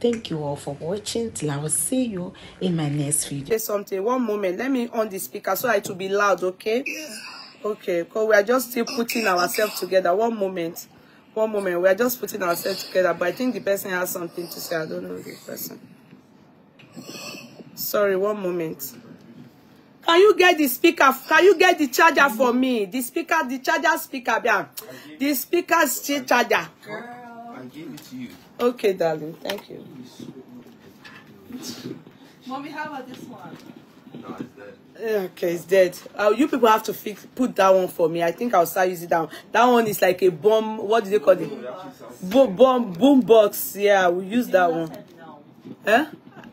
Thank you all for watching. Till I will see you in my next video. Say something. One moment. Let me on the speaker so it will be loud, okay? Okay, because we are just still putting ourselves together. One moment. One moment. We are just putting ourselves together. But I think the person has something to say. I don't know the person. Sorry, one moment. Can you get the speaker? Can you get the charger for me? The speaker, the charger speaker. Yeah. The speaker's charger. I gave it to you. Okay, darling. Thank you. Mommy, how about this one? No, it's dead. Eh, okay, it's dead. Uh, you people have to fix put that one for me. I think I'll start using that one. That one is like a bomb. What do they call boom it? Box. Boom, boom, boom box. Yeah, we use that one. No. Huh? Eh?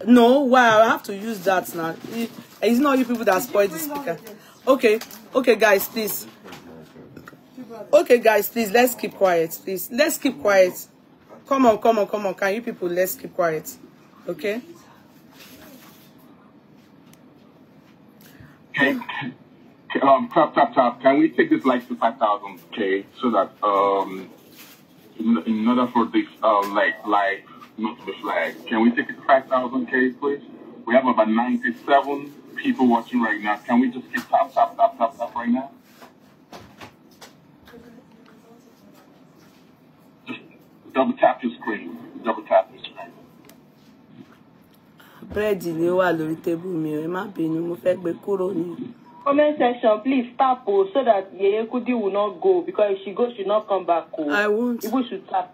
No, why? I have to use that now. It, eh, it's not you people that spoil the speaker. Okay, okay, guys, please. Okay, guys, please. Let's keep quiet, please. Let's keep quiet. Come on, come on, come on. Can you people, let's keep quiet. Okay? Okay. Um, tap, tap, tap. Can we take this like to 5,000, okay? So that, um, in, in order for this, uh, like, like, not to be flagged, can we take it to 5,000, okay, please? We have about 97 people watching right now. Can we just keep tap, tap, tap, tap, tap right now? double tap your screen. Double tap your screen. Bírèdì ni ó wà lórí tébù mi ẹ má bínú mo fẹ́ gbé kúrò ní. Comment section please tap o so that Yeye Kudi will not go because if she go she not come back o. I won't. Ibu should tap.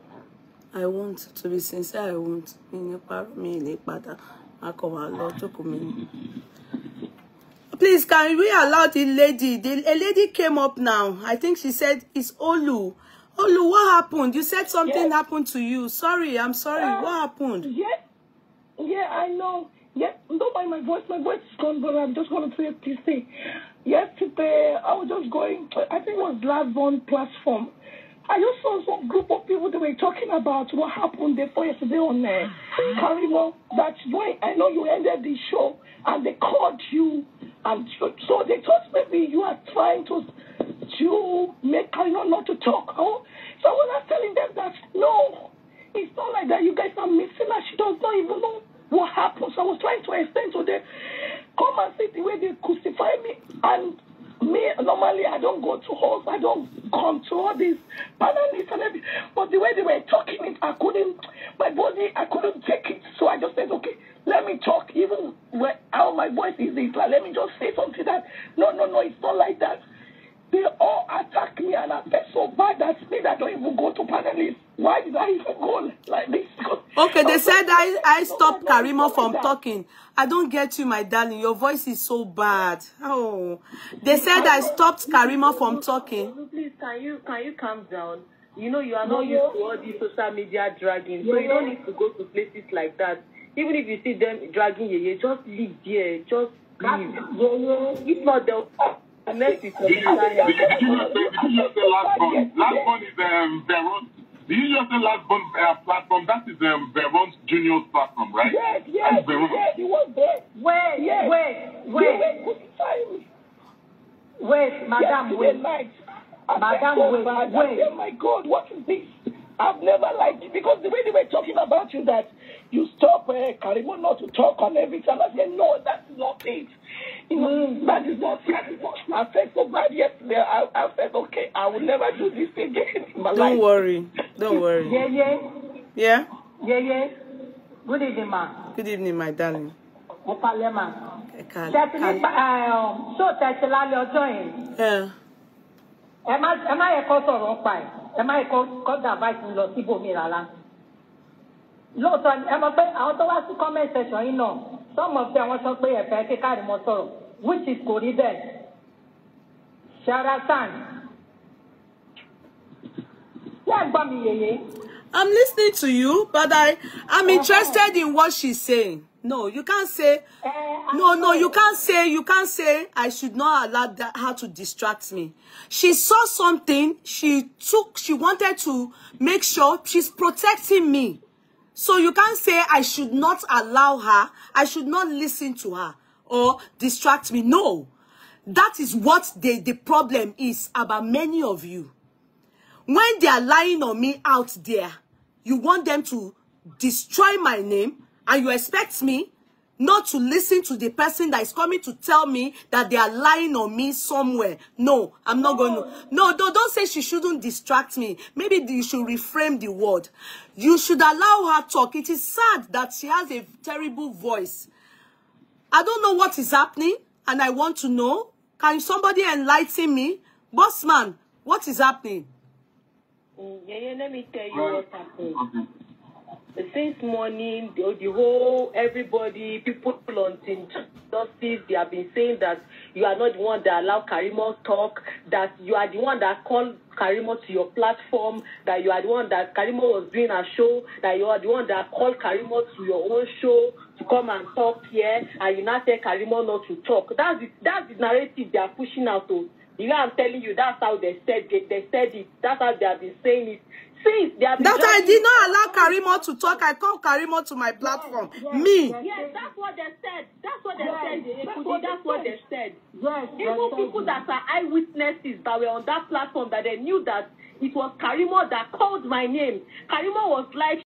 I won't. to be sincere I won't. mi ní parọ́ mi ní padà akọ̀wà lọ jókòó mi. Please can we allow the lady the a lady came up now I think she said it's Olu. Olu, what happened? You said something yes. happened to you. Sorry, I'm sorry. Uh, what happened? Yeah, yeah, I know. Yeah, don't mind my voice. My voice is gone, but I just going to say thing. Yesterday, I was just going. I think it was last one platform. I just saw some group of people that were talking about what happened before yesterday on there. uh, Karimo. That's why I know you ended the show, and they called you, and so they told me stop Karima from talking. I don't get you, my darling. Your voice is so bad. Oh, they said I stopped Karima from talking. Please, can you can you calm down? You know you are not used to all these social media dragging, so you don't need to go to places like that. Even if you see them dragging you just leave here. Just leave. If not, they'll. Next is the last one. Last one is um, Veron. you just the last one, uh, platform? That is um, Veron's junior platform, right? Yes, yes, yes, he was there. Wait, yes. wait, wait. You Wait, madam, Yesterday wait. madam, wait, oh, wait. Oh, my God, what is this? I've never liked it because the way they were talking about you that you stop uh, Karimo not to talk on everything. I said, no, that's not it. You know, mm. that is not that is not. I felt so bad yesterday. I, I felt okay. I will never do this again in my Don't life. worry. Don't worry. yeah, yeah. Yeah. Yeah, yeah. Good evening, ma. Good evening, my darling. Mo palẹ̀ ma. Ṣé ti nípa um, ṣó tẹ̀sí lálẹ́ ọjọ́ yẹn? Ẹ má yẹ kó sọ̀rọ̀ pa ẹ̀ ẹ má kọ́ dàbáìtì lọ síbòmí rárá lóòótọ́ ẹ mọ̀ pé àwọn tó wá sí comment section yìí náà sọ́mọ̀ pé àwọn sọ pé ẹ̀fẹ́ kíkàrí mọ́ sọ̀rọ̀ which is kò rí bẹ́ẹ̀ Sharatan ṣé ẹ gbọ́ mi yèyé. I'm listening to you, but I I'm uh-huh. interested in what she's saying. No, you can't say. Eh, no, no, you can't say. You can't say. I should not allow that, her to distract me. She saw something. She took. She wanted to make sure she's protecting me. So you can't say I should not allow her. I should not listen to her or distract me. No, that is what the the problem is about many of you. When they are lying on me out there, you want them to destroy my name and you expect me not to listen to the person that is coming to tell me that they are lying on me somewhere. No, I'm not going to. No, don't, don't say she shouldn't distract me. Maybe you should reframe the word. You should allow her talk. It is sad that she has a terrible voice. I don't know what is happening and I want to know. Can somebody enlighten me? Bossman, what is happening? Mm, yeah, yeah, let me tell you what happened. Since morning, the, whole everybody, people on Team Justice, they have been saying that you are not the one that allowed Karimo talk, that you are the one that called Karimo to your platform, that you are the one that Karimo was doing a show, that you are the one that called Karimo to your own show to come and talk here, and you now tell Karimo not to talk. That's the, that's the narrative they are pushing out oh. You know, I'm telling you, that's how they said it. They said it. That's how they have been saying it since they have been. That I did not allow Karimo to talk. I call Karimo to my platform. Yes, yes, Me. Yes, that's what they said. That's what they yes, said. They that's, what that's what they said. Yes, Even people that are eyewitnesses that were on that platform that they knew that it was Karimo that called my name. Karimo was like,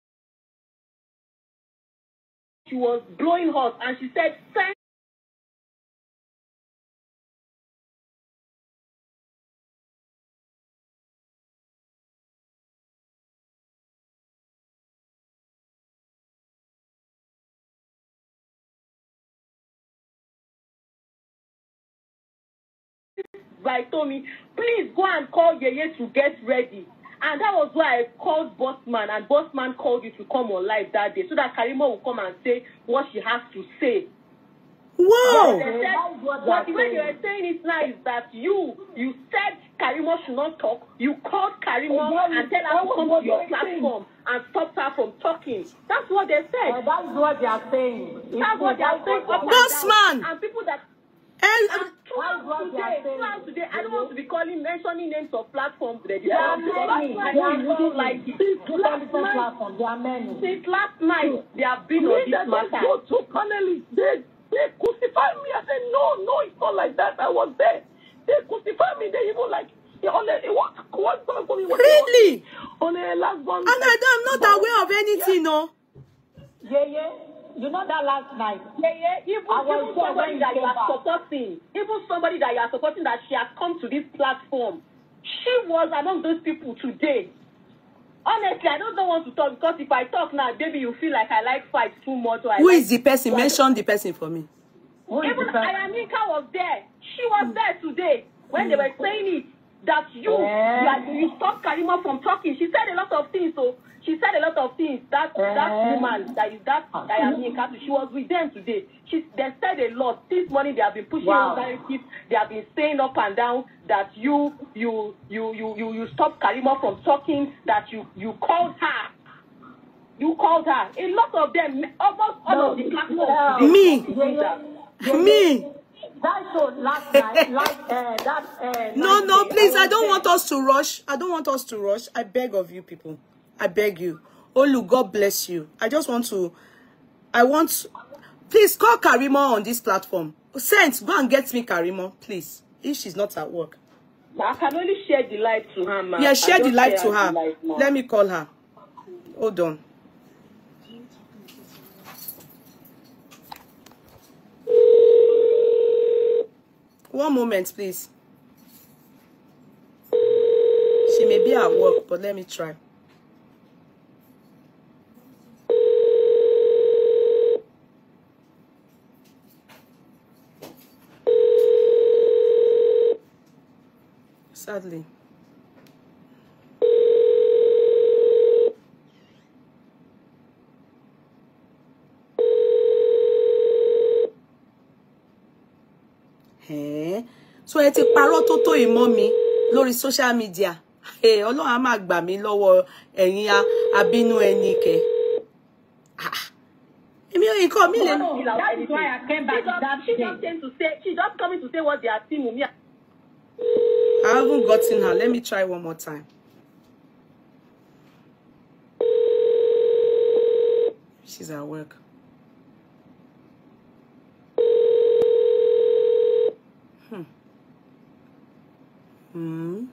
she was blowing hot and she said, send by Tommy, please go and call Yeye to get ready. And that was why I called Bossman, and Bossman called you to come on live that day so that Karima will come and say what she has to say. Wow! What the way you are saying it now is that you you said Karima should not talk. You called Karima oh, and tell her to come to your platform saying. and stop her from talking. That's what they said. Well, that's what they are saying. That's what they are saying. Bossman! And people that. And, and Why do I today, plan today? I don't want to be calling, mentioning names of platforms. There are many. There are many. Like are many. last night, they have been on this matter. Go to panelists. They, they crucified me. I said, no, no, it's not like that. I was there. They crucified me. They even like on what, what song for me? On a last one. And I, I'm not aware of anything, yeah. no. Yeah, yeah. You know that last night. Yeah, yeah. Even, even somebody that you are supporting, even somebody that you are supporting that she has come to this platform, she was among those people today. Honestly, I don't, don't want to talk because if I talk now, maybe you feel like I like fight too much. Or I Who like is the person? Mention the person for me. Who even Ayanika was there. She was mm. there today when mm. they were saying it that you, yeah. you, are, you stop Karima from talking. She said a lot of things, so of things that uh, that eh. woman that is that Yinka ah. she was with them today. She they said a lot. This morning they have been pushing wow. narrative. They have been saying up and down that you you you you you you stop Karima from talking. That you you called her. You called her. A lot of them, almost all no, of the platforms. Me. They, me. That show last night, like uh, that. Uh, no, no, please. I, don't want us to rush. I don't want us to rush. I beg of you, people. I beg you. Olu, God bless you. I just want to, I want, please call Karimo on this platform. Sense, go and get me Karimo, please, if she's not at work. I can only share the light to her, ma. Yeah, share the light to her. Light, Let me call her. Hold on. One moment, please. She may be at work, but let me try. sadly. Hey. so ẹ ti parọ́ Toto tó ìmọ̀ mi lórí social media ọlọ́run á máa gbà mí lọ́wọ́ ẹ̀yin abínú ẹni kẹ. Ah, èmi ò ikọ̀ mi lè. That is why I came back She just came to say she just coming to say what they are seeing me. I haven't gotten her. Let me try one more time. She's at work. Hmm. Hmm.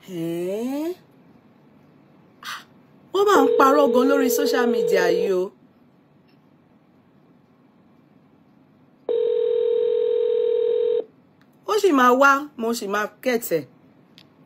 Hey. Eh? Ah, máa ń parọ́ gan lórí social media you. sì máa wá mo sì máa kẹ̀tẹ̀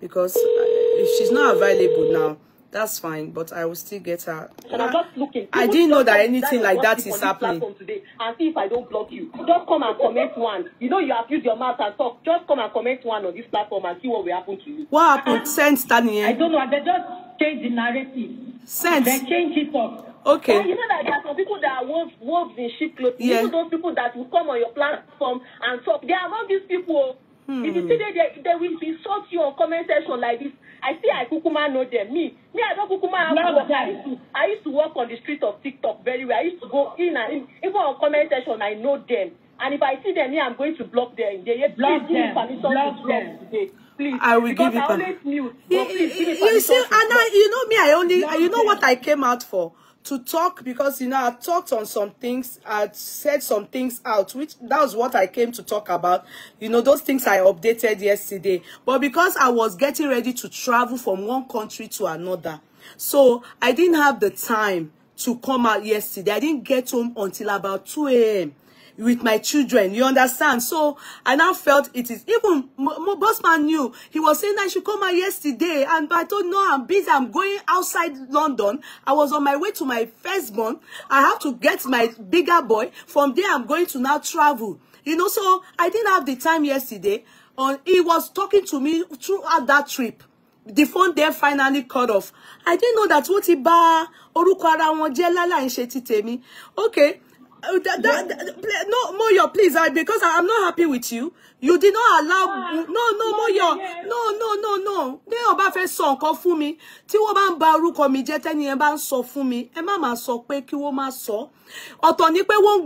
because if uh, she's not available now that's fine but i will still get her and i'm just looking People i didn't know that anything like that is happening today and see if i don't block you just come and comment one you know you have used your mouth and talk just come and comment one on this platform and see what will happen to you what happened sense tani eh? i don't know they just change the narrative sense they change it up Okay. Well, you know that there are some people that are wolves, wolves in sheep clothing. Yeah. Even those people that will come on your platform and talk, they are among these people. Oh. Hmm. if you see there they will be you your comment section like this i see i kukuma know them me me i don't kukuma have i used to i used to work on the street of tiktok very well i used to go in and in even on comment section i know them and if i see them me i'm going to block them they yes please give me permission block to block them. today please i will give it I always mute, but you, please give me permission you see Anna you know me i only you know what i came out for to talk because you know I talked on some things, I said some things out, which that's what I came to talk about. You know, those things I updated yesterday. But because I was getting ready to travel from one country to another, so I didn't have the time to come out yesterday. I didn't get home until about 2 a.m with my children. You understand? So I now felt it is even my boss man knew he was saying I should come out yesterday, and but I told no, I'm busy. I'm going outside London. I was on my way to my firstborn. I have to get my bigger boy. From there, I'm going to now travel. You know, so I didn't have the time yesterday. On uh, he was talking to me throughout that trip. The phone there finally cut off. I didn't know that what he ba orúkọ ara wọn jẹ́ lálàá ń ṣe Okay. Oh, that, that, that, no, Moyo, please, I because I, am not happy with you. You did not allow. Ah, no, no, Moyo. Yes. No, no, no, no. They are about to sọ nǹkan fún mi. Tí wọ́n bá baru ba orúkọ mi jẹ́ tẹ́ni ẹ me. ń sọ fún mi. Ẹ má máa sọ pé kí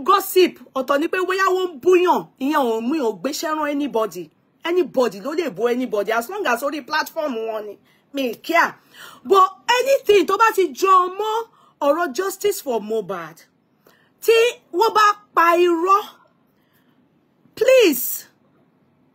gossip. Ọ̀tọ̀ ni pé bóyá wọ́n búyàn. Ìyẹn ò mú ò gbé anybody. Anybody ló lè anybody as long as orí platform one. Me care. But anything tó bá ti jọ mọ́ ọ̀rọ̀ justice for more bad tí wọ́n bá pa irọ́ please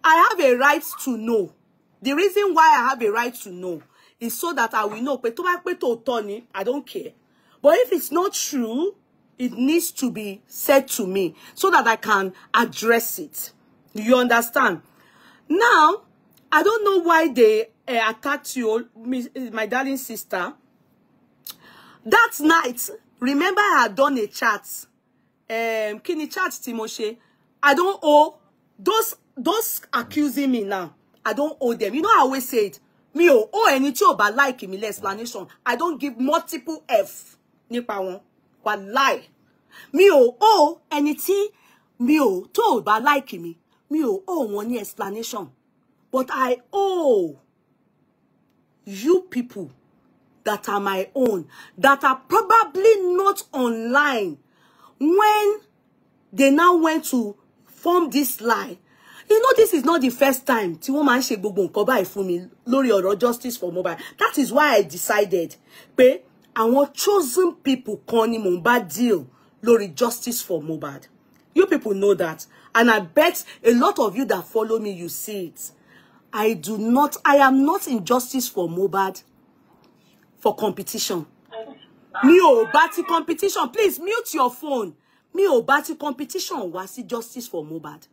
I have a right to know the reason why I have a right to know is so that I will know pé tó bá pé tòótọ́ ni I don't care but if it's not true it needs to be said to me so that I can address it you understand now I don't know why they uh, attacked you eh, my darling sister that night remember I had done a chat um, kí ni chat tí mo ṣe I don't owe those those accusing me now I don't owe them you know I always say it mi ò owe ẹni tí ò bá like mi lè explanation I don't give multiple f nípa wọn wàláì mi ò owe ẹni tí mi ò tó ò bá like mi mi ò owe wọn ní explanation but I owe you people that are my own that are probably not online when they now went to form this lie you know this is not the first time tí wọ́n máa ń ṣe gbogbo nǹkan justice for Mohbad that is why i decided pé àwọn chosen people kan ni mò ń deal lori justice for Mohbad you people know that and i bet a lot of you that follow me you see it i do not i am not in justice for mobad. for competition mi ò bá ti competition please mute your phone mi ò bá ti competition wá sí justice for Mohbad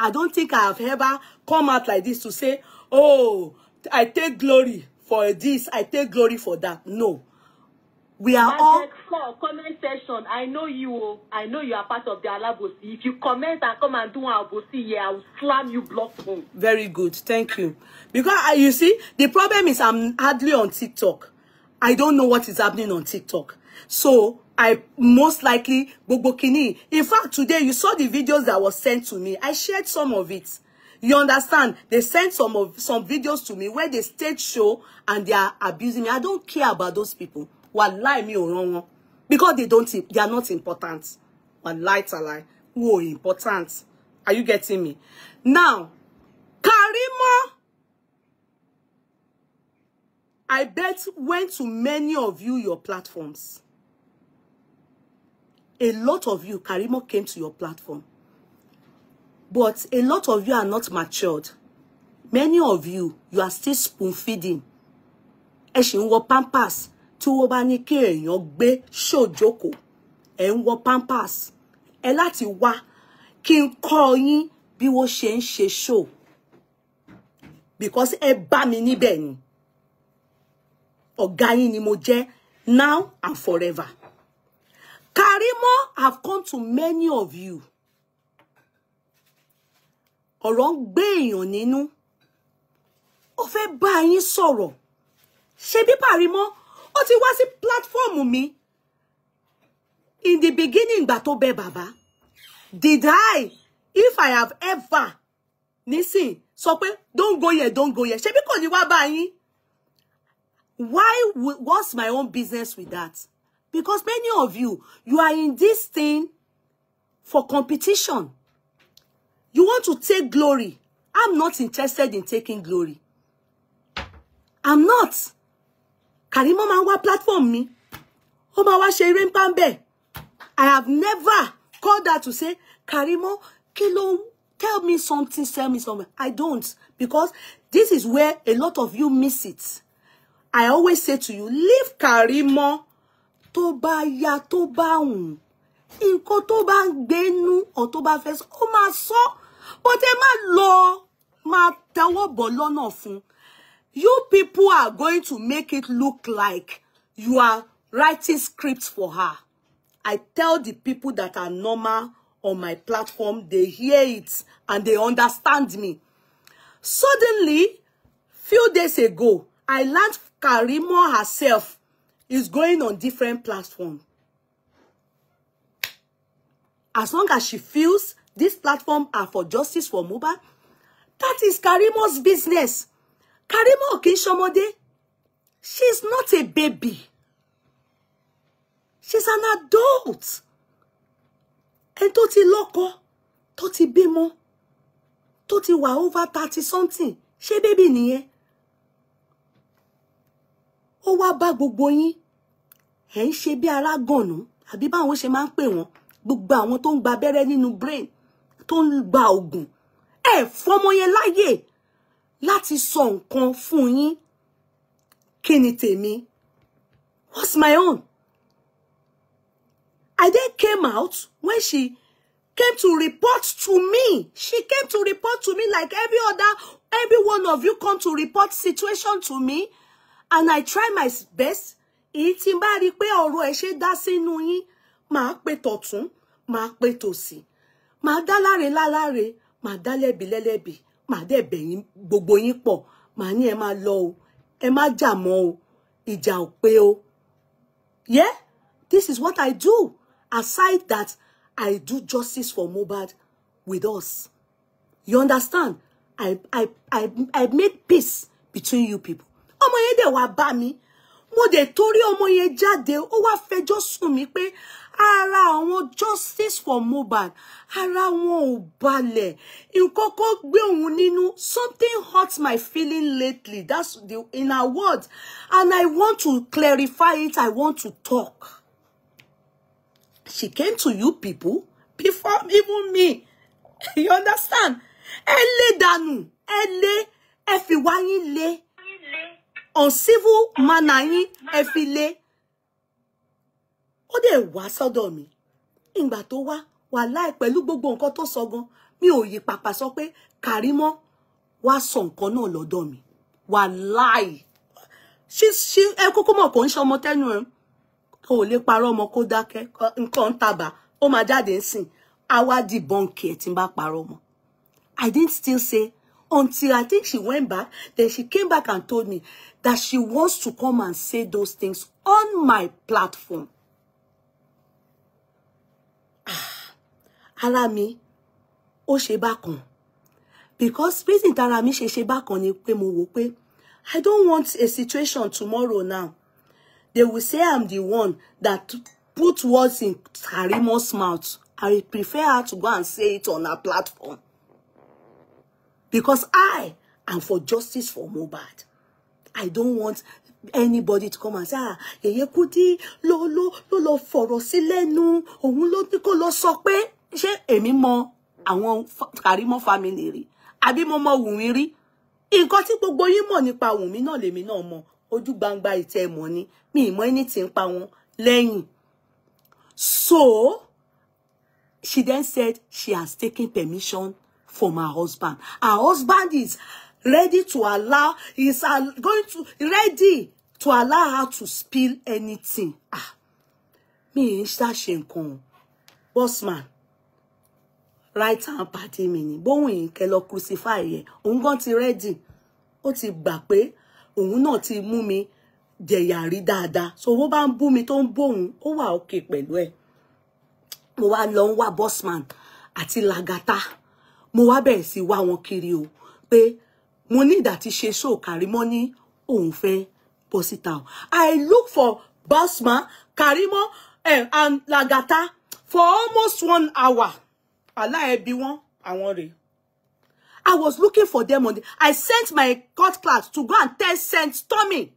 I don't think I have ever come out like this to say oh I take glory for this I take glory for that no we are Magic all for comment session. I know you oh. I know you are part of the Alabosi if you comment and come and do an Alabosi here I will slam you block phone very good thank you because uh, you see the problem is I'm hardly on TikTok I don't know what is happening on TikTok. So I most likely gbogbo kini. In fact, today you saw the videos that was sent to me. I shared some of it. You understand? They sent some of some videos to me where they stage show and they are abusing me. I don't care about those people. Wallahi lie me or wrong, Because they don't they are not important. What Wallahi lie? Wo important. Are you getting me? Now, Karimo I bet went to many of you, your platforms. A lot of you, Karimo came to your platform. But a lot of you are not matured. Many of you, you are still spoon feeding. Ẹ ṣì ń wọ pampers tí wọ́n bá ní kí èèyàn pampas elati wa kin wọ pampers. Ẹ láti wá kí show. Because e ba mi níbẹ̀ ni ọ̀gá yín ni mo jẹ́ now and forever Karimo have come to many of you ọ̀rọ̀ ń gbé èèyàn nínú ó fẹ́ bá yín sọ̀rọ̀ ṣebí Karimo ó ti wá sí pílátífọ́ọ̀mù mi in the beginning ìgbà tó bẹ bàbá did I if I have ever nísìn sọ pé don't go here don't go here ṣebí kò ní wá bá yín Why? What's my own business with that? Because many of you, you are in this thing for competition. You want to take glory. I'm not interested in taking glory. I'm not. Karimo máa ń platform me? Ó máa wá ṣe I have never called her to say, Karimo, kilo, tell me something, tell me something. I don't. Because this is where a lot of you miss it. I always say to you, leave Karimo tó bá yá tó bá hùn. Nǹkan tó bá ń gbénú or tó bá fẹ́ sọ, ó máa But ẹ má lọ máa tẹ́wọ́ bọ̀ lọ́nà You people are going to make it look like you are writing scripts for her. I tell the people that are normal on my platform, they hear it and they understand me. Suddenly, few days ago, I learned Karimo herself is going on different platforms. As long as she feels this platform are for justice for Muba, that is Karimo's business. Karimo Okinshomode, she's not a baby. She's an adult. Ẹni tó ti lọ́kọ, tó ti bímọ, over thirty something. Ṣé bébì nìyẹn? ó wá bá gbogbo yín ẹ̀ ń ṣe bí arágànnú àbí báwọn ṣe máa ń pè wọ́n gbogbo àwọn tó ń gba abẹ́rẹ́ nínú brain tó ń gba oògùn ẹ fọmọ yẹn láyè láti sọ nǹkan fún yín kí ni tèmi what's my own I then came out when she came to report to me she came to report to me like every other every one of you come to report situation to me and I try my best èyí tí n bá rí i pé ọ̀rọ̀ ẹ̀ ṣe dá sínú yín màá pe tọ̀tún màá pe tòsì màá dá láre láláre màá dá lẹ́bi lẹ́lẹ́bi màá dẹ̀ bẹ̀yìn gbogbo yín pọ̀ màá ní ẹ máa lọ o ẹ má jà mọ́ o ìjà ò pé o yeah this is what I do aside that I do justice for Mohbad with us you understand I I I I make peace between you people ọmọ yẹn dẹ̀ wá bá mi mo dẹ̀ torí ọmọ yẹn jáde ó wá fẹjọ́ sùn mí pé ara àwọn justice for Mohbad ara wọn ò balẹ̀ nǹkan kan gbé òun nínú something hurt my feeling lately that's the in her word and I want to clarify it I want to talk she came to you people before even me you understand ẹ lé dànù ẹ lé ẹ fi wáyé lé. on civil manner yín ẹ fi lé wà dẹ̀ mi ìgbà tó wà láì pẹ̀lú gbogbo nkan tó sọ gan mi ò yí papa sọ pé Karimo wá sọ nǹkan náà lọ́dọ̀ mi wà láì ṣí ẹ kókó mọ̀ kò ń ṣe ọmọ tẹ́nu ẹ̀ kò lè parọ́ ọmọ kó di I didn't still until I think she went back. Then she came back and told me that she wants to come and say those things on my platform. Ara ah, mi, ó ṣe Because reason tara mi ṣe ṣe bákan ni pé mo wò I don't want a situation tomorrow now. They will say I'm the one that put words in Karimo's mouth. I prefer her to go and say it on her platform. Because I am for justice for Mohbad. I don't want anybody to come and say, ah, Yeye Kuti, ló ló ló lọ fọ̀rọ̀ sí lẹ́nu, òun ló ní kó lọ sọ pé, ṣé èmi mọ Karimo family rí, àbí mo mọ Wùnmí rí. Nǹkan tí gbogbo yín mọ̀ nípa Wùnmí náà lèmi náà mọ̀, ojú gbangba ìtẹ́ mọ̀ ni, mi mọ anything pa wọn lẹ́yìn. So, she then said she has taken permission from her husband. Her husband is ready to allow, is going to, ready to allow her to spill anything. Ah, me ń ṣàṣe Boss man, right hand party mini. ni. Bóhun ìkẹ crucify ye. òun ready. oti bape, gbà pé òun náà ti mú mi jẹ̀yà So bó bá ń bú Owa tó ń bóhun, ó wà òkè pẹ̀lú boss man àti làgàtà mo wá bẹ̀rẹ̀ sí wá wọn kiri o pé mo ní ìdàtí ṣe ṣó Karimo ní òun fẹ́ bọ́ síta o I look for Basma Karimo eh, and Lagata for almost one hour aláẹbí wọn àwọn rèé I was looking for them on the. I sent my court class to go and test send Tommy.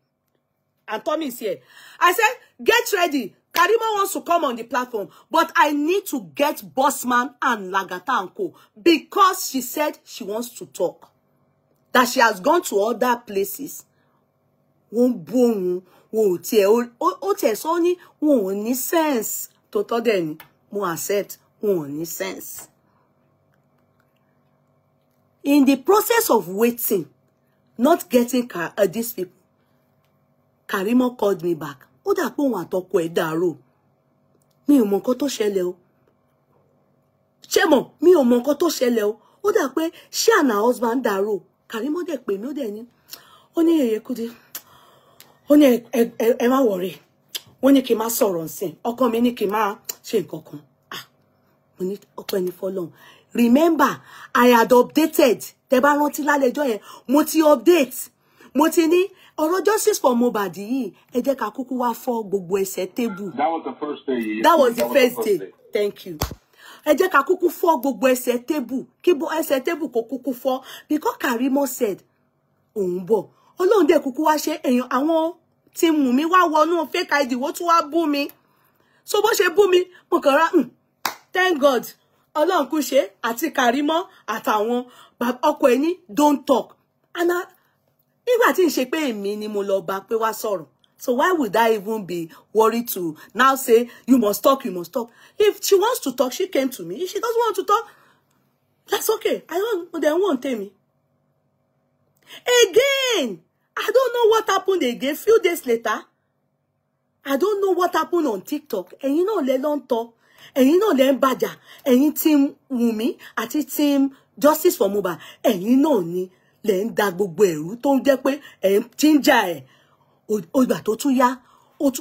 And Tommy is here. I said, get ready. Karima wants to come on the platform, but I need to get Bossman and Lagata and Co. Because she said she wants to talk. That she has gone to other places. Wọ́n bú òun, wọn ò tiẹ̀, ó tiẹ̀ sense. sense. In the process of waiting, not getting uh, these people, Karima called me back ó dà pé òun àtọkọ ẹ̀ dàrú mi ò mọ nǹkan tó ṣẹlẹ̀ o ṣé mọ̀ mi ò mọ nǹkan tó ṣẹlẹ̀ o ó dà pé ṣé àná husband dàrú Karimo dẹ̀ pè mí ó dẹ̀ ní ó ní Yèyé Kudi ó ní ẹ má wọ̀rẹ́ wọ́n ni kí n má sọ̀rọ̀ nsìn ọkọ mi ní kí n má ṣe nǹkan kan mo ní ọpẹ́ ní fọ́lọ́run remember I had updated tẹ bá rántí lálẹ́jọ́ yẹn mo ti update mo ti ní ọ̀rọ̀ justice for Mohbad yìí ẹ jẹ́ ká kúkú wá fọ́ gbogbo ẹsẹ̀ tébù. that was the first day. that was the first day thank you. ẹ jẹ́ ká kúkú fọ́ gbogbo ẹsẹ̀ tébù kí ẹsẹ̀ tébù kò kúkú fọ́ because Karimo said òun bọ̀ ọlọ́run dẹ̀ kúkú wá ṣe èèyàn àwọn tí mú mi wá wọnú fake id wọ́n tún wá bú mi so bó ṣe bú mi mo kàn rá hmm, thank god ọlọ́run kú ṣe àti Karimo àtàwọn ọkọ ẹni don't talk and I, nígbà tí n ṣe pé èmi ni mo lọ bá pé wá sọ̀rọ̀ so why would I even be worried to now say you must talk you must talk if she wants to talk she came to me if she doesn't want to talk that's okay I don't then won't tell me again I don't know what happened again few days later I don't know what happened on TikTok ẹ̀yin náà lẹ lọ ń tọ ẹ̀yin náà lẹ ń bàjà ẹ̀yin team Wunmi àti team justice for Mohbad ẹ̀yin náà ni lẹ̀ ń da gbogbo ẹ̀rú tó ń jẹ́ pé ẹ̀ ń jíjà ẹ̀ ìgbà tó tún yá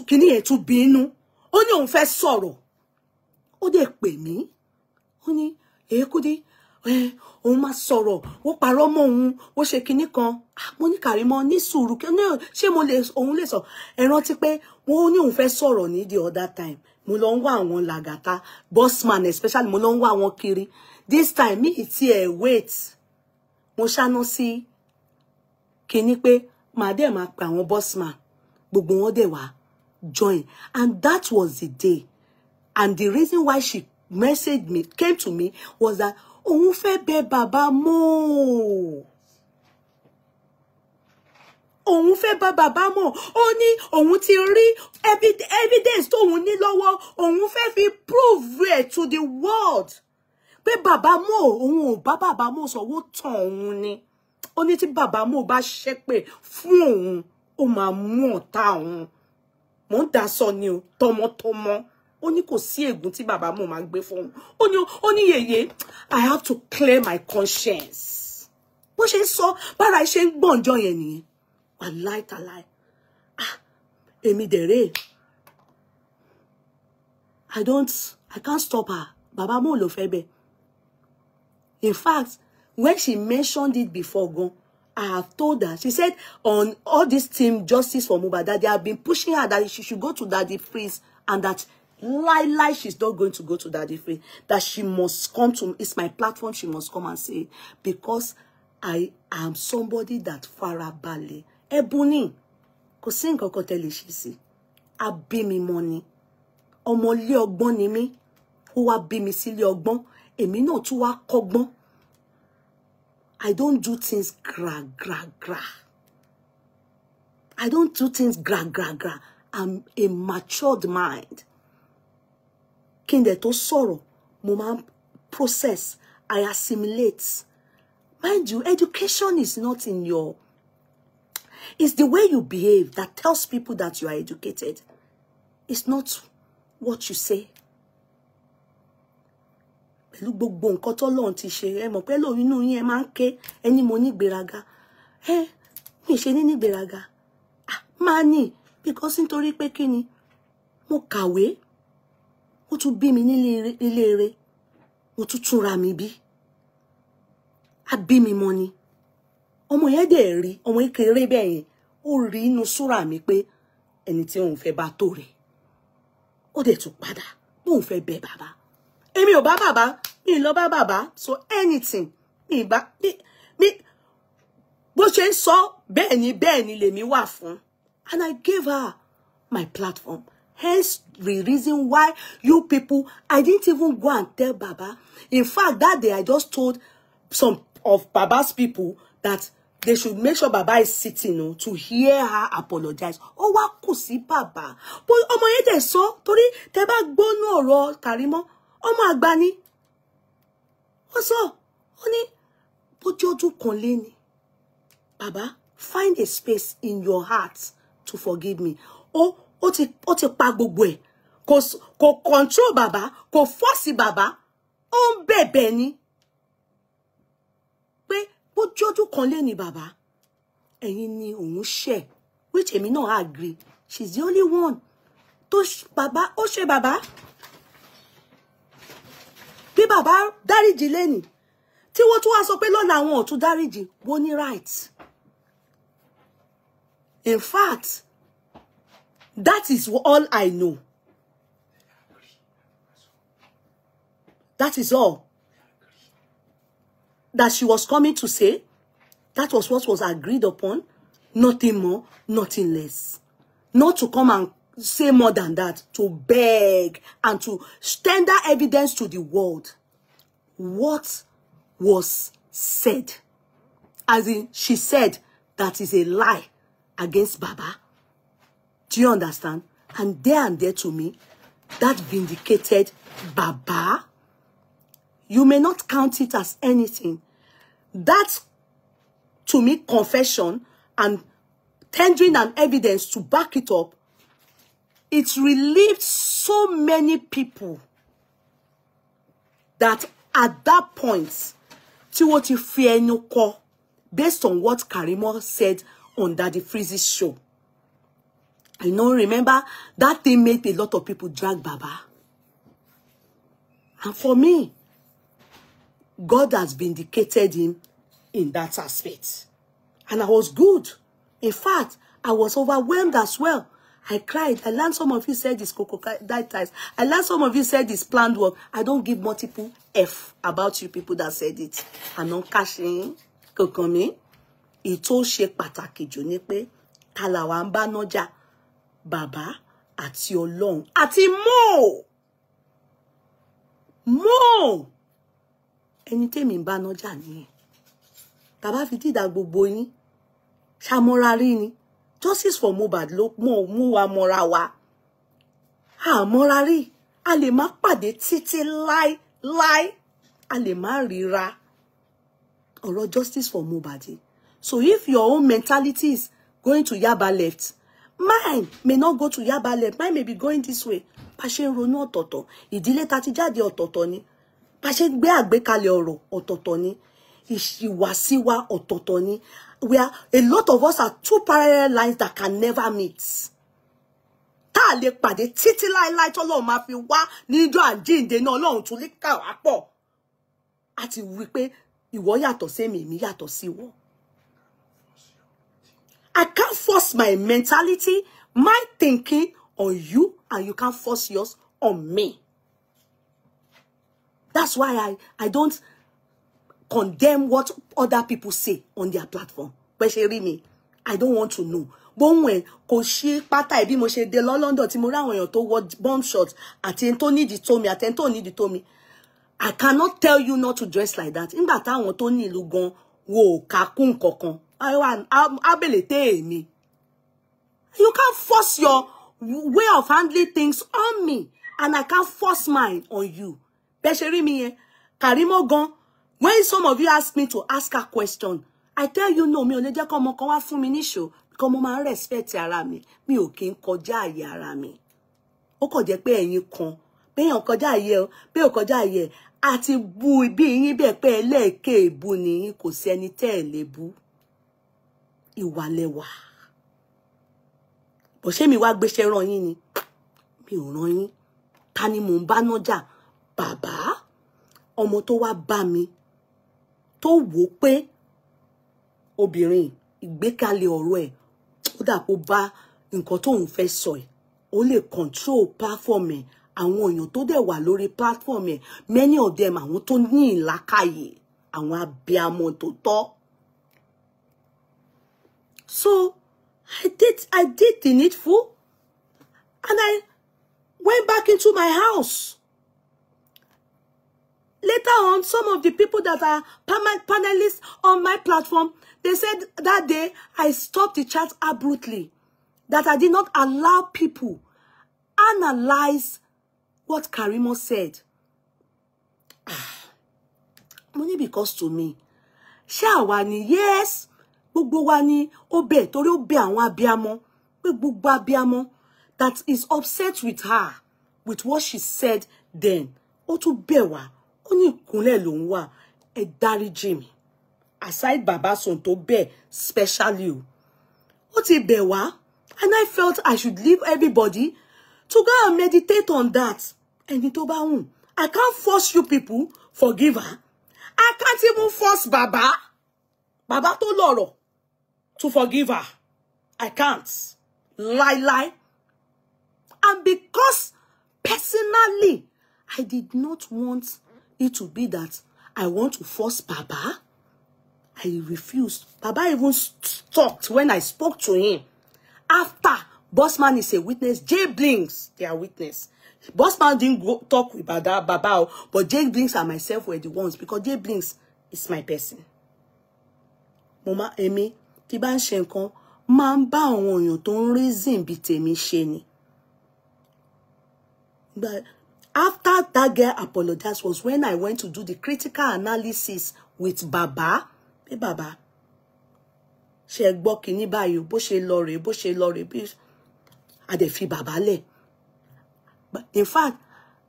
kíní ẹ̀ tún bí inú ó ní òun fẹ́ sọ̀rọ̀ ó dẹ̀ pè mí ó ní èékúdí òun máa sọ̀rọ̀ ó parọ́ mọ́ òun ó ṣe kinní kan ah, mo ní Karimo ní sùúrù ṣé mo lè òun lè sọ ẹ rántí pé wọ́n ní òun fẹ́ sọ̀rọ̀ ní the other time mo lọ ń wá àwọn làgàtà bossman especially mo lọ ń wá àwọn kiri this time me ì tiẹ̀ wait mo ṣáná sí kinní pé màá dẹ̀ máa pe àwọn bossman gbogbo wọn dẹ̀ wá join and that was the day and the reason why she messaged me came to me was that òun fẹ́ bẹ bàbá mọ́ òun fẹ́ bá bàbá mọ̀ ó ní òun ti rí evidence tóun ní lọ́wọ́ òun fẹ́ fi prove it to the world pé bàbá mò òun ò bá bàbá mò sọ̀wọ́ tàn òun ni ó ní tí bàbá mò bá ṣépè fún òun ó máa mú ọ̀tá òun mò ń dá sọ ni o tọmọtọmọ ó ní kò sí ègún tí bàbá mò máa gbé fún òun ó ní yèyé i have to clear my conscience bó ṣe ń sọ bára ẹ ṣe ń gbọ̀njọ yẹn nìyẹn wàláìtàláì ah èmi dẹ̀rẹ́ i don't i can't stop her bàbá mò ló fẹ́ bẹ́ẹ̀. In fact, when she mentioned it before, gone, I have told her. She said on all this team justice for Mohbad that they have been pushing her that she should go to Daddy Freeze and that lie lie she's not going to go to Daddy Freeze. That she must come to it's my platform. She must come and say because I am somebody that farabalẹ̀ bale. ni kò sí nǹkan kan tẹ́lẹ̀ ṣe sí a bí mi mọ́ ni ọmọ ilé ni mí ó wá bí mi sílé ọgbọ́n èmi náà tún wá kọ́gbọ́n I don't do things gra gra gra I don't do things gra gra gra I'm a matured mind Kinda tó sorrow, mo process I assimilate mind you education is not in your it's the way you behave that tells people that you are educated it's not what you say pẹ̀lú gbogbo nǹkan tọ́lọ́run ti ṣe ẹ mọ̀ pé lóyún inú yín ẹ máa ń ké ẹni mo ní gbéraga ẹ mi ṣe ní ní máa ní bíkọ́sí nítorí pé kí ni mo kàwé ó tún bí mi nílé ire mo tún túnra mi bí a bí mi mọ ni ọmọ yẹn dẹ̀ rí ọmọ yẹn kéré bẹ́ẹ̀ yẹn ó rí inú súra mi pé ẹni tí òun fẹ́ bá tó rẹ̀ ó dẹ̀ tún padà bóun fẹ́ bẹ bàbá Emi ò bá bàbá mi lo bá bàbá so anything mi ba mi mi. ṣe ń sọ bẹ́ẹ̀ ni bẹ́ẹ̀ ni lèmi wà fún and I gave her my platform hence the reason why you people I didn't even go and tell Baba in fact that day I just told some of Baba's people that they should make sure Baba is sitting you know, to hear her apologize. Ó wa kù sí Baba. But ọmọ yẹn so sọ torí tẹ́ bá gbónú Karimo ọmọ àgbà ni wọ́n sọ ó ní bójú ọdún kan lé ni bàbá find a space in your heart to forgive me ó ó ti ó ti pa gbogbo ẹ̀ kò control bàbá kò force bàbá ó ń bẹ̀bẹ̀ ni pé bójú ọdún kan lé ni bàbá ẹ̀yin ni òun ṣẹ̀ which èmi náà agree she's the only one tó bàbá ó ṣe bàbá bí bàbá dáríjì lẹ́nìí tí wọ́n tún wá sọ pé lọ́la àwọn ò tún dáríjì wọ́n ní right in fact that is all I know that is all that she was coming to say that was what was agreed upon nothing more nothing less not to come and say more than that, to beg and to tender evidence to the world what was said. As in, she said that is a lie against Baba. Do you understand? And there and there to me, that vindicated Baba. You may not count it as anything. That, to me, confession and tendering an evidence to back it up it relieved so many people that at that point, Timothy Fienuko, based on what Karimo said on Daddy Freeze's show, I know, remember, that thing made a lot of people drag Baba. And for me, God has vindicated him in that aspect. And I was good. In fact, I was overwhelmed as well I cried. I learned some of you said it's crocodiles. I learned some of you said it's planned work. I don't give multiple F about you people that said it. I'm not cashing. Kankan mi. Ìtó ṣe pàtàkì jù ni pé Baba, at your long at àti ọlọ́run àti mo mo ẹni tèmi ń bá nájà nìyẹn tàbá fi dídà ni justice for Mohbad ló mo mú wa mọ́ra wa àmọ́ra rí a lè má pàdé títí láí láí a lè má ríra ọ̀rọ̀ justice for Mohbad so if your own mentality is going to Yaba left mine may not go to Yaba left mine may be going this way bá ṣe ń ronú ọ̀tọ̀ọ̀tọ̀ ìdílé ta ti jáde ọ̀tọ̀ọ̀tọ̀ ni bá ṣe ń gbé àgbékalẹ̀ ọ̀rọ̀ ọ̀tọ̀ọ̀tọ̀ ni ìwàsíwa ọ̀tọ̀ọ̀tọ̀ ni we are a lot of us are two parallel lines that can never meet tá a lè pàdé títí láéláé tọ́lọ́run ma fi wá níjọ́ àjíǹde náà ọlọ́run tún lè kà wá pọ̀ Ati ti wí pé ìwọ se mi mi èmi yàtọ̀ sí ìwọ. I can't force my mentality my thinking on you and you can't force yours on me. That's why I I don't condemn what other people say on their platform pẹ́ she read me, i don't want to know But when e, kò ṣe pátá ẹ̀ e bí mo ṣe dé lọ London tí mo rí àwọn èèyàn tó wọ bomb shot àti ẹni tó nídìí tó mi àti ẹni tó nídìí tó mi i cannot tell you not to dress like that nígbà táwọn tó ní ìlú gan wo kàkún kankan abèlè tẹ èmi you can't force your way of handling things on me and i can't force mine on you bẹ́ẹ̀ she read me, yẹn Karimo gan when some of you ask me to ask a question i tell you no Me ò lè jẹ́ kó ọmọ kan wá fún mi níṣó kó ọmọ máa ń respect ara mi mi ò kí ń kọjá àyè ara mi ó kàn jẹ́ pe ẹ̀yin kan béèyàn kọjá àyè o pé ò kọjá àyè àti bu ibi yín bẹ́ẹ̀ pé ẹlẹ́ẹ̀kẹ́ ìbu nìyín kò sí ẹni tẹ́ ẹ̀ bu ìwà lẹwà bó ṣé mi wá gbéṣẹ́ ràn yín ni mi ò ràn yín ta ni mò ń bá nájà bàbá ọmọ tó wá bá mi tó wò ó pé obìnrin ìgbékalẹ̀ ọ̀rọ̀ ẹ̀ ó dàpọ̀ bá nǹkan tóun fẹ́ sọ ẹ̀ ó lè control platform ẹ̀ àwọn èèyàn tó dẹ̀ wà lórí platform ẹ̀ many of them àwọn tó ní ìlàkàyè àwọn abiamọ tó tọ́. So I did I did the needful and I went back into my house later on, some of the people that are permanent panelists on my platform, they said that day I stopped the chat abruptly, that I did not allow people analyze what Karimo said. Ah, Money because to me, Shawani, yes, gbogbo wa ni ó bẹ̀ torí ó bẹ̀ àwọn abiamọ pé gbogbo that is upset with her with what she said then otu tún ó ní ìkúnlẹ̀ lòún wà ẹ dáríjì mi aside babasun tó bẹ̀ specially o ó ti bẹ̀ wá and I felt I should leave everybody to go and meditate on that ẹni tó bá wù I can't force you people forgive her I can't even force baba baba tó lọ́rọ̀ to forgive her I can't lie, lie. and because personally I did not want it would be that I want to force Papa. I refused. Papa even stopped when I spoke to him. After Bossman is a witness, Jay Blinks, they are witness. Bossman didn't go talk with Baba, Baba, but Jay Blinks and myself were the ones because Jay Blinks is my person. Mama Amy, tiban bá mamba ṣe nǹkan, máa ń bá àwọn èèyàn But After that girl apologized was when I went to do the critical analysis with Baba. Hey, Baba. Ṣé gbọ́ kíní báyìí, bó ṣe lọ rèé, bó ṣe lọ rèé, bí fi Baba But In fact,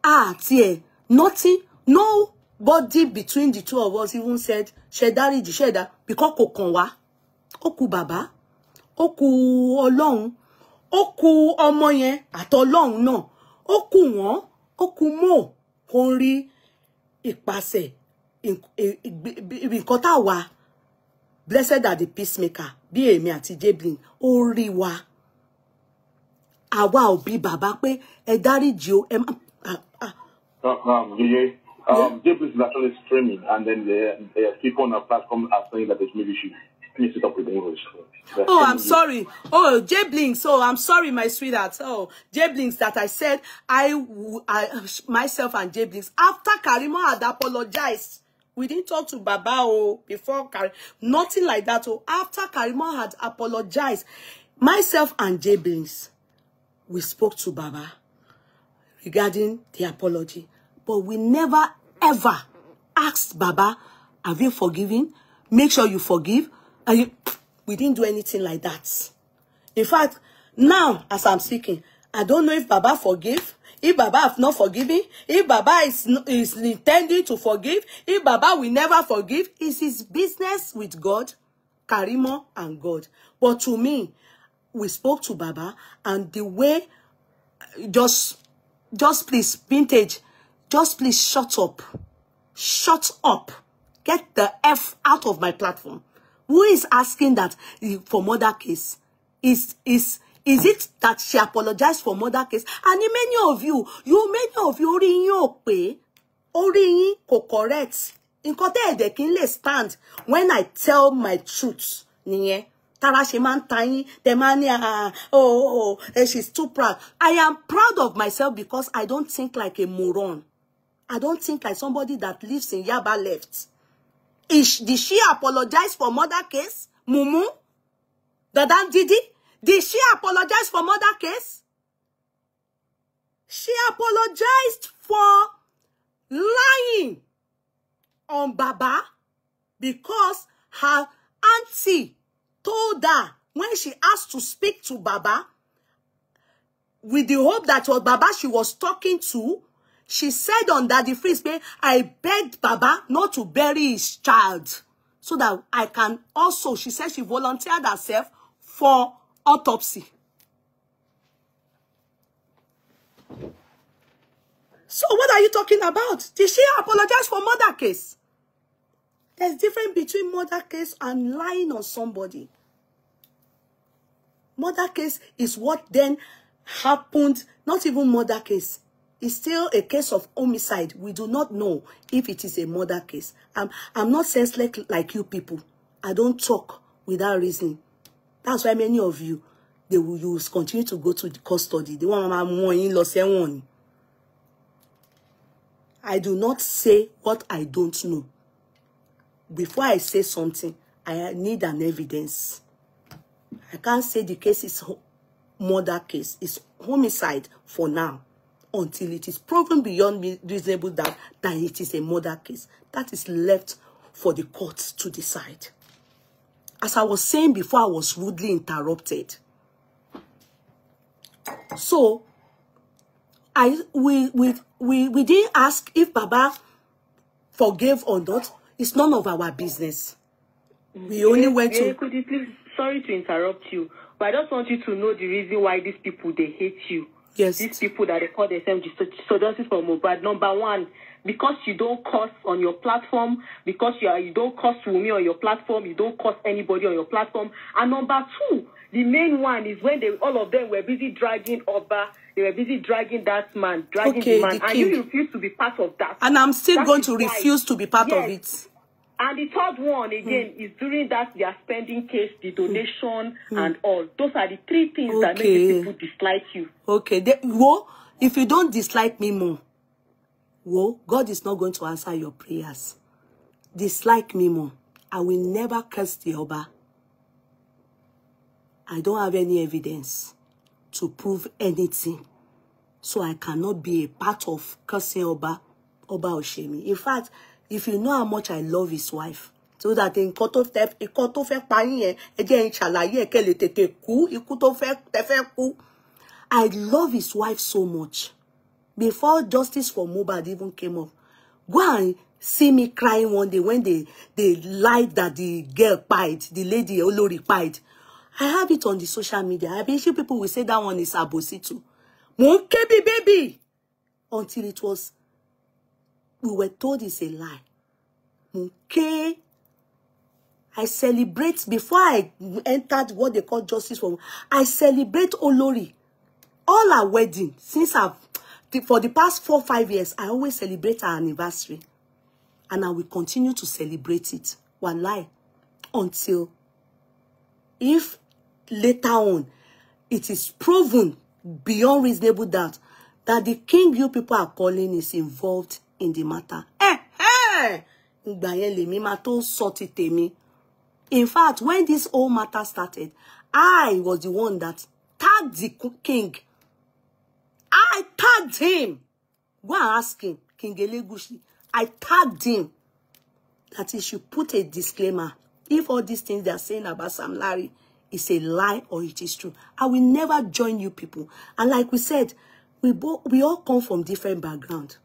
ah, tiẹ̀, nothing, nobody between the two of us even said, ṣe dáríjì, ṣe dá, because kò kàn oku Baba, oku kù oku Omoye, kù ọmọ yẹn àtọlọ́run náà, ó ó kú mọ́ kó ń rí ìpàṣẹ nǹkan tá a wà blessed are the peacemaker bí èmi àti jablin ó rí wa àwa ò bàbá pé ẹ dáríjì o ẹ má. Um, Jablin's actually streaming, and then they, they, people on our platform are saying that there's maybe issues please sit with English. oh, I'm sorry. Oh, J Blinks. Oh, I'm sorry, my sweetheart. Oh, J Blinks that I said I, I myself and J Blinks after Karimo had apologized. We didn't talk to Baba oh before Karim. Nothing like that. Oh, after Karimo had apologized, myself and J Blinks, we spoke to Baba regarding the apology, but we never ever asked Baba, "Have you forgiven? Make sure you forgive." And you, we didn't do anything like that. In fact, now, as I'm speaking, I don't know if Baba forgive, if Baba have not forgiven, if Baba is, is intending to forgive, if Baba will never forgive, it's his business with God, Karimo and God. But to me, we spoke to Baba and the way, just, just please, vintage, just please shut up. Shut up. Get the F out of my platform. Who is asking that for Mother case? Is is is it that she apologized for Mother case? And many of you, you many of you, orí yín ò pé, orí yín kò correct. Nǹkan tẹ́ ẹ dẹ̀ kí stand when I tell my truth nìyẹn. Tara ṣe máa ń ta yín, tẹ ah oh oh, oh eh, she's too proud. I am proud of myself because I don't think like a moron. I don't think like somebody that lives in Yaba left. Is, did she apologize for mother case? Mumu? Dada Didi? Did she apologize for mother case? She apologized for lying on Baba because her auntie told her when she asked to speak to Baba with the hope that was Baba she was talking to she said on Daddy Freeze pé I begged Baba not to bury his child so that I can also she said she volunteered herself for autopsy. So what are you talking about? Did she apologize for murder case? There's difference between murder case and lying on somebody. Murder case is what then happened, not even murder case. It's still a case of homicide. We do not know if it is a murder case. I'm, I'm not senseless like you people. I don't talk without reason. That's why many of you, they will you will continue to go to the custody. They want my money, lost one. I do not say what I don't know. Before I say something, I need an evidence. I can't say the case is murder case. It's homicide for now until it is proven beyond reasonable doubt that it is a murder case. That is left for the courts to decide. As I was saying before, I was rudely interrupted. So, I we we we, we didn't ask if Baba forgave or not. It's none of our business. We eh, only yes, went yes, eh, to. Could you please, sorry to interrupt you, but I just want you to know the reason why these people they hate you. Yes. These people that they call themselves soldiers from Mobad, number one, because you don't curse on your platform, because you, are, you don't curse Wumi on your platform, you don't curse anybody on your platform. And number two, the main one is when they all of them were busy dragging Oba, they were busy dragging that man, dragging okay, the man, the and you refuse to be part of that. And I'm still That's going to why. refuse to be part yes. of it. And the third one, again, mm. is during that they are spending case, the hmm. donation mm. and all. Those are the three things okay. that make people dislike you. Okay. They, whoa, if you don't dislike me more, whoa, God is not going to answer your prayers. Dislike me more. I will never curse the Oba. I don't have any evidence to prove anything. So I cannot be a part of cursing Oba, Oba Oshemi. In fact, if you know how much I love his wife so that in tó fẹ́ nǹkan tó fẹ́ pa yín yẹn ẹ Tete n ṣàlàyé ẹ̀ kẹ́ lè I love his wife so much before justice for Mohbad even came up go and see me crying one day when they they lied that the girl pied the lady olori pied I have it on the social media I be sure people will say that one is abosi too mo baby until it was we were told is a lie. Okay. I celebrate before I entered what they call justice for. I celebrate Olori. All our wedding since I've for the past four five years, I always celebrate our anniversary, and I will continue to celebrate it. One lie until if later on it is proven beyond reasonable doubt that the king you people are calling is involved in the matter. Eh, eh! Ìgbà yẹn lèmi máa tó sọ ti tèmi. In fact, when this whole matter started, I was the one that tagged the king. I tagged him. Go and ask him, King Elegushi. I tagged him that he should put a disclaimer. If all these things they are saying about Sam Larry is a lie or it is true, I will never join you people. And like we said, we both we all come from different background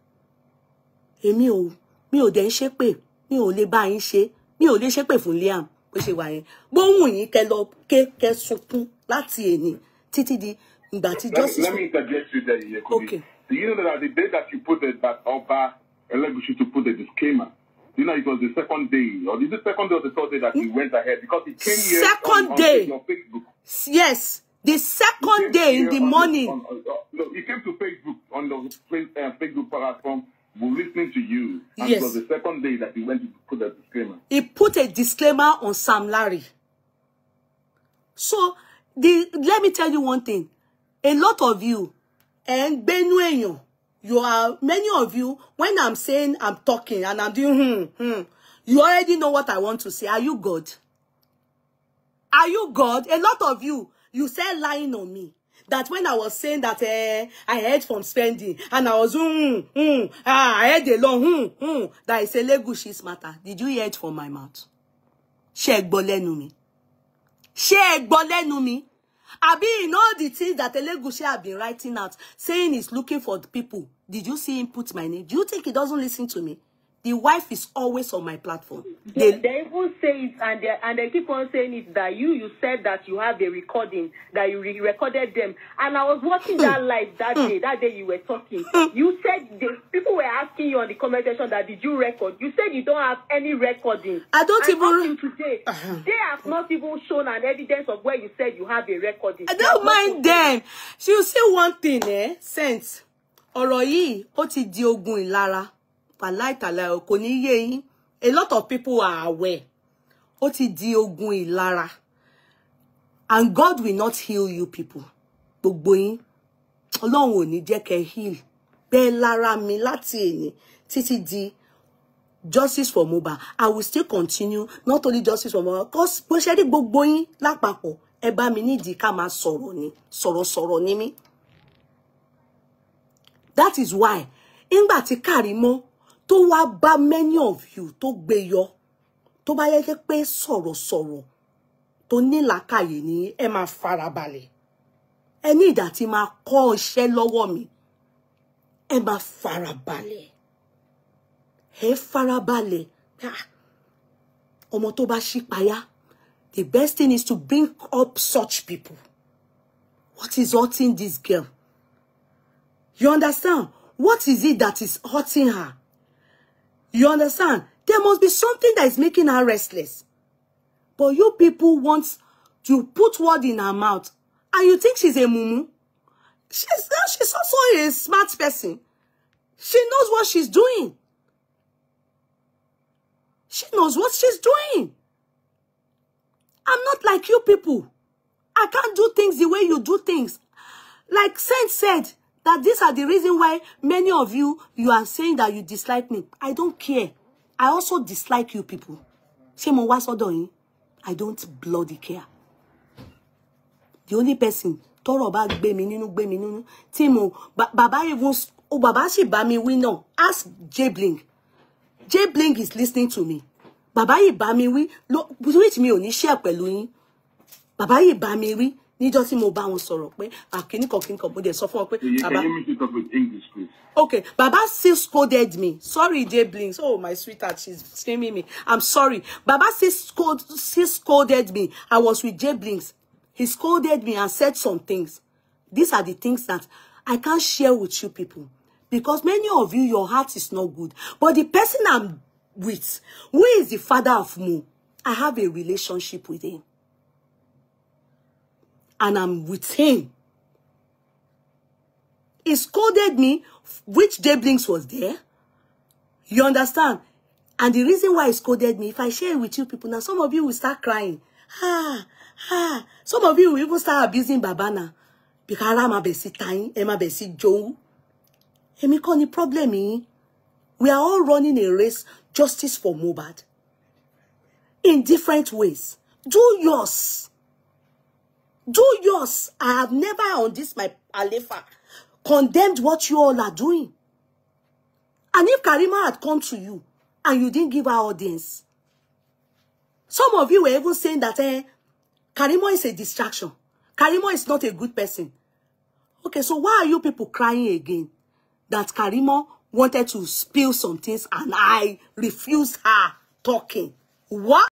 èmi o mi o dẹ̀ ń pe. mi o lè bá yín ṣe mi ò lè ṣépè fún Liam bó ṣe wà yẹn gbóhùn yín kẹ lọ ké kẹ sunkún láti èní Titi di ìgbà tí justice. let me interject you there yeye okay. do you know that the day that you put the that Ọba Elegushi to put the disclaimer you know it was the second day or is it second day or the third day that you hmm? went ahead because it came here second on, on, day. on your Facebook. yes The second day in the morning. On, uh, uh, look, came to Facebook on the uh, Facebook platform. We're listening to you. And yes. it was the second day that he went to put a disclaimer. He put a disclaimer on Sam Larry. So, the, let me tell you one thing. A lot of you, and Benuenyo, you are, many of you, when I'm saying, I'm talking, and I'm doing, hmm, hmm, you already know what I want to say. Are you God? Are you God? A lot of you, you said lying on me. That when I was saying that eh, I heard from spending and I was mm, mm, ah, I heard alone mm, mm, that is Elegushi is matter. Did you hear it from my mouth? Ṣé ẹ gbọ́ lẹ́nu mi. Ṣé ẹ in all the things that Elegushi have been writing out, saying he's looking for the people. Did you see him put my name? Do you think he doesn't listen to me? The wife is always on my platform. They, they, even say it and they, and they keep on saying it that you, you said that you have a recording, that you re recorded them. And I was watching that hmm. live that hmm. day, that day you were talking. Hmm. You said, they, people were asking you on the comment section that did you record? You said you don't have any recording. I don't and even... Today, uh-huh. They have not even shown an evidence of where you said you have a recording. I don't mind them. She'll say one thing, eh? Sense. Ọ̀rọ̀ Oti Diogun ti di pàláìtàlà kò ní yé yín a lot of people are aware ó ti di ogun ìlara and God will not heal you people gbogbo yín ọlọ́run ò ní jẹ́ kẹ́ heal bẹ́ẹ̀ lára mi láti èní títí di justice for Muba. i will still continue not only justice for Muba, cause bó ṣe rí gbogbo yín lápapọ̀ ẹ bá mi nídìí ká máa sọ̀rọ̀ ni sọ̀rọ̀sọ̀rọ̀ ni mí that is why nígbà tí Kàrímọ́ tó wá bá many of you tó gbé yọ tó bá yẹ pé sọ̀rọ̀sọ̀rọ̀ tó ní làákàyè ní ẹ máa farabalẹ̀ ẹ ní ìdá tí máa kọ́ iṣẹ́ lọ́wọ́ mi ẹ máa farabalẹ̀ ẹ farabalẹ̀ ah! ọmọ tó bá ṣípayá the best thing is to bring up such people what is hurting this girl you understand what is it that is hurting her You understand? There must be something that is making her restless. But you people want to put word in her mouth. And you think she's a mumu? She's, she's also a smart person. She knows what she's doing. She knows what she's doing. I'm not like you people. I can't do things the way you do things. Like Saint said, that these are the reason why many of you, you are saying that you dislike me. I don't care. I also dislike you people. Ṣé mo wá sọ́dọ̀ I don't bloody care. The only person toro bá gbé mi nínú gbé mi nínú tí mo bàbá even oh bàbá sì bá mi wí no. ask J Bling. J Bling is listening to me. Bàbá yìí bá mi wí lo which me ò share pẹ̀lú yín. Bàbá yìí bá mi wí níjọ́ tí mo bá wọn sọ̀rọ̀ pé àkíníkan ah, kíníkan mo dẹ̀ sọ fún wọn pé please. okay Baba still scolded me sorry dey blinks oh my sweetheart she's screaming me i'm sorry Baba still, scold, still scolded me i was with jay blinks he scolded me and said some things these are the things that i can't share with you people because many of you your heart is not good but the person i'm with who is the father of mo i have a relationship with him and I'm with him. He scolded me, which Jay Blinks was there. You understand? And the reason why he scolded me, if I share it with you people now, some of you will start crying. Ha ha! Some of you will even start abusing Baba Because ara ma bẹ̀ sí tayín, ẹ ma bẹ̀ sí jowú. Èmi kọ́ problem yìí. We are all running a race, justice for Mohbad. In different ways. Do yours. Do yours. I have never on this, my Alefa, condemned what you all are doing. And if Karima had come to you and you didn't give her audience, some of you were even saying that eh, Karima is a distraction. Karima is not a good person. Okay, so why are you people crying again that Karima wanted to spill some things and I refused her talking? What?